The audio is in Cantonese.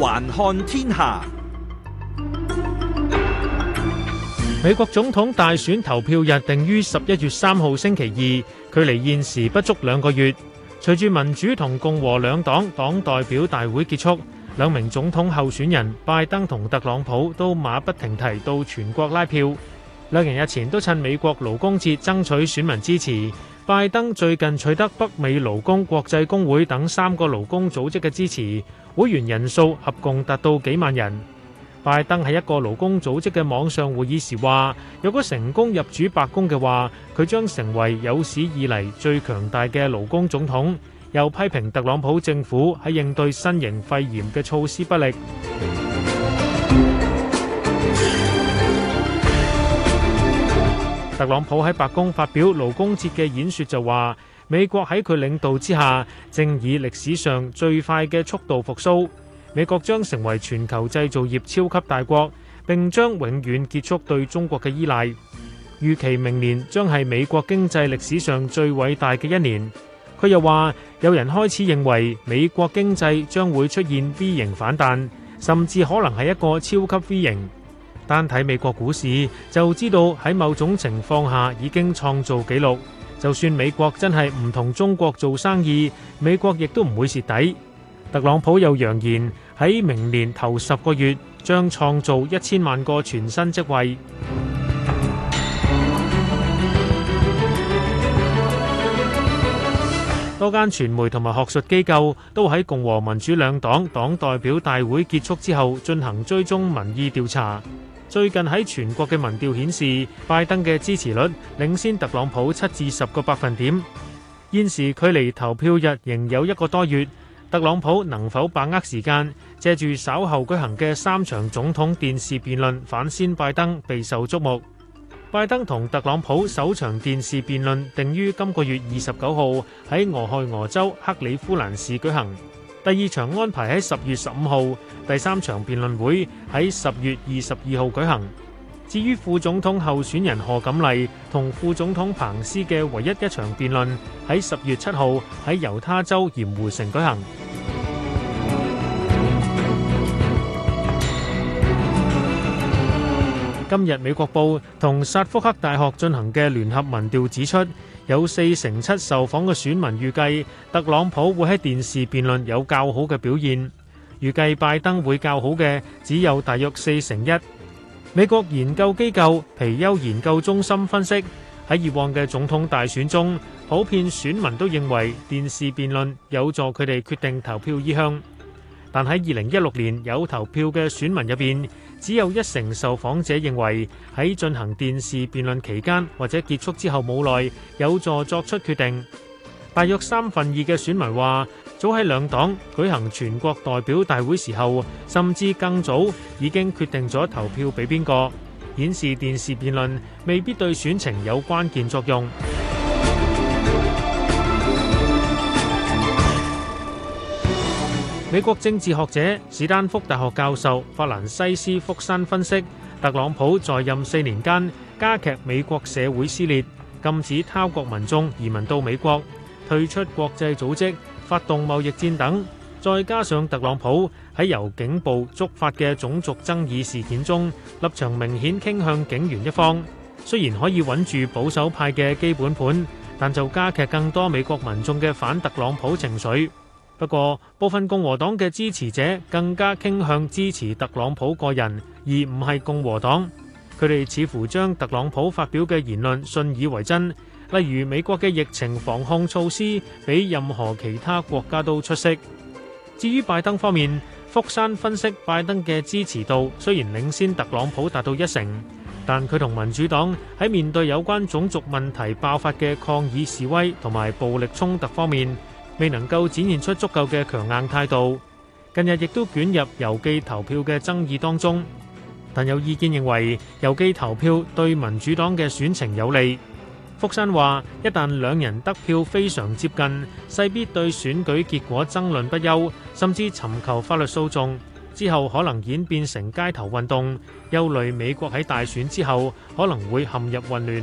環看天下，美國總統大選投票日定於十一月三號星期二，距離現時不足兩個月。隨住民主同共和兩黨黨代表大會結束，兩名總統候選人拜登同特朗普都馬不停蹄到全國拉票。兩人日前都趁美國勞工節爭取選民支持。拜登最近取得北美勞工國際工會等三個勞工組織嘅支持，會員人數合共達到幾萬人。拜登喺一個勞工組織嘅網上會議時話，若果成功入主白宮嘅話，佢將成為有史以嚟最強大嘅勞工總統。又批評特朗普政府喺應對新型肺炎嘅措施不力。特朗普喺白宮發表勞工節嘅演說就話：美國喺佢領導之下，正以歷史上最快嘅速度復甦。美國將成為全球製造業超級大國，並將永遠結束對中國嘅依賴。預期明年將係美國經濟歷史上最偉大嘅一年。佢又話：有人開始認為美國經濟將會出現 V 型反彈，甚至可能係一個超級 V 型。單睇美國股市，就知道喺某種情況下已經創造紀錄。就算美國真係唔同中國做生意，美國亦都唔會蝕底。特朗普又揚言，喺明年頭十個月將創造一千萬個全新職位。多間傳媒同埋學術機構都喺共和民主兩黨黨代表大會結束之後進行追蹤民意調查。最近喺全國嘅民調顯示，拜登嘅支持率領先特朗普七至十個百分點。現時距離投票日仍有一個多月，特朗普能否把握時間，借住稍後舉行嘅三場總統電視辯論反先拜登，備受矚目。拜登同特朗普首場電視辯論定於今個月二十九號喺俄亥俄州克里夫蘭市舉行。第二場安排喺十月十五號，第三場辯論會喺十月二十二號舉行。至於副總統候選人賀錦麗同副總統彭斯嘅唯一一場辯論，喺十月七號喺猶他州鹽湖城舉行。今日美國報同薩福克大學進行嘅聯合民調指出，有四成七受訪嘅選民預計特朗普會喺電視辯論有較好嘅表現，預計拜登會較好嘅只有大約四成一。美國研究機構皮尤研究中心分析喺以往嘅總統大選中，普遍選民都認為電視辯論有助佢哋決定投票意向。但喺二零一六年有投票嘅選民入邊，只有一成受訪者認為喺進行電視辯論期間或者結束之後冇耐有助作出決定。大約三分二嘅選民話早喺兩黨舉行全國代表大會時候，甚至更早已經決定咗投票俾邊個，顯示電視辯論未必對選情有關鍵作用。美國政治學者史丹福大學教授法蘭西斯福山分析，特朗普在任四年間加劇美國社會撕裂，禁止他國民眾移民到美國，退出國際組織，發動貿易戰等，再加上特朗普喺由警暴觸發嘅種族爭議事件中，立場明顯傾向警員一方。雖然可以穩住保守派嘅基本盤，但就加劇更多美國民眾嘅反特朗普情緒。不過，部分共和黨嘅支持者更加傾向支持特朗普個人，而唔係共和黨。佢哋似乎將特朗普發表嘅言論信以為真，例如美國嘅疫情防控措施比任何其他國家都出色。至於拜登方面，福山分析，拜登嘅支持度雖然領先特朗普達到一成，但佢同民主黨喺面對有關種族問題爆發嘅抗議示威同埋暴力衝突方面。未能夠展現出足夠嘅強硬態度，近日亦都捲入郵寄投票嘅爭議當中。但有意見認為郵寄投票對民主黨嘅選情有利。福山話：一旦兩人得票非常接近，勢必對選舉結果爭論不休，甚至尋求法律訴訟，之後可能演變成街頭運動，憂慮美國喺大選之後可能會陷入混亂。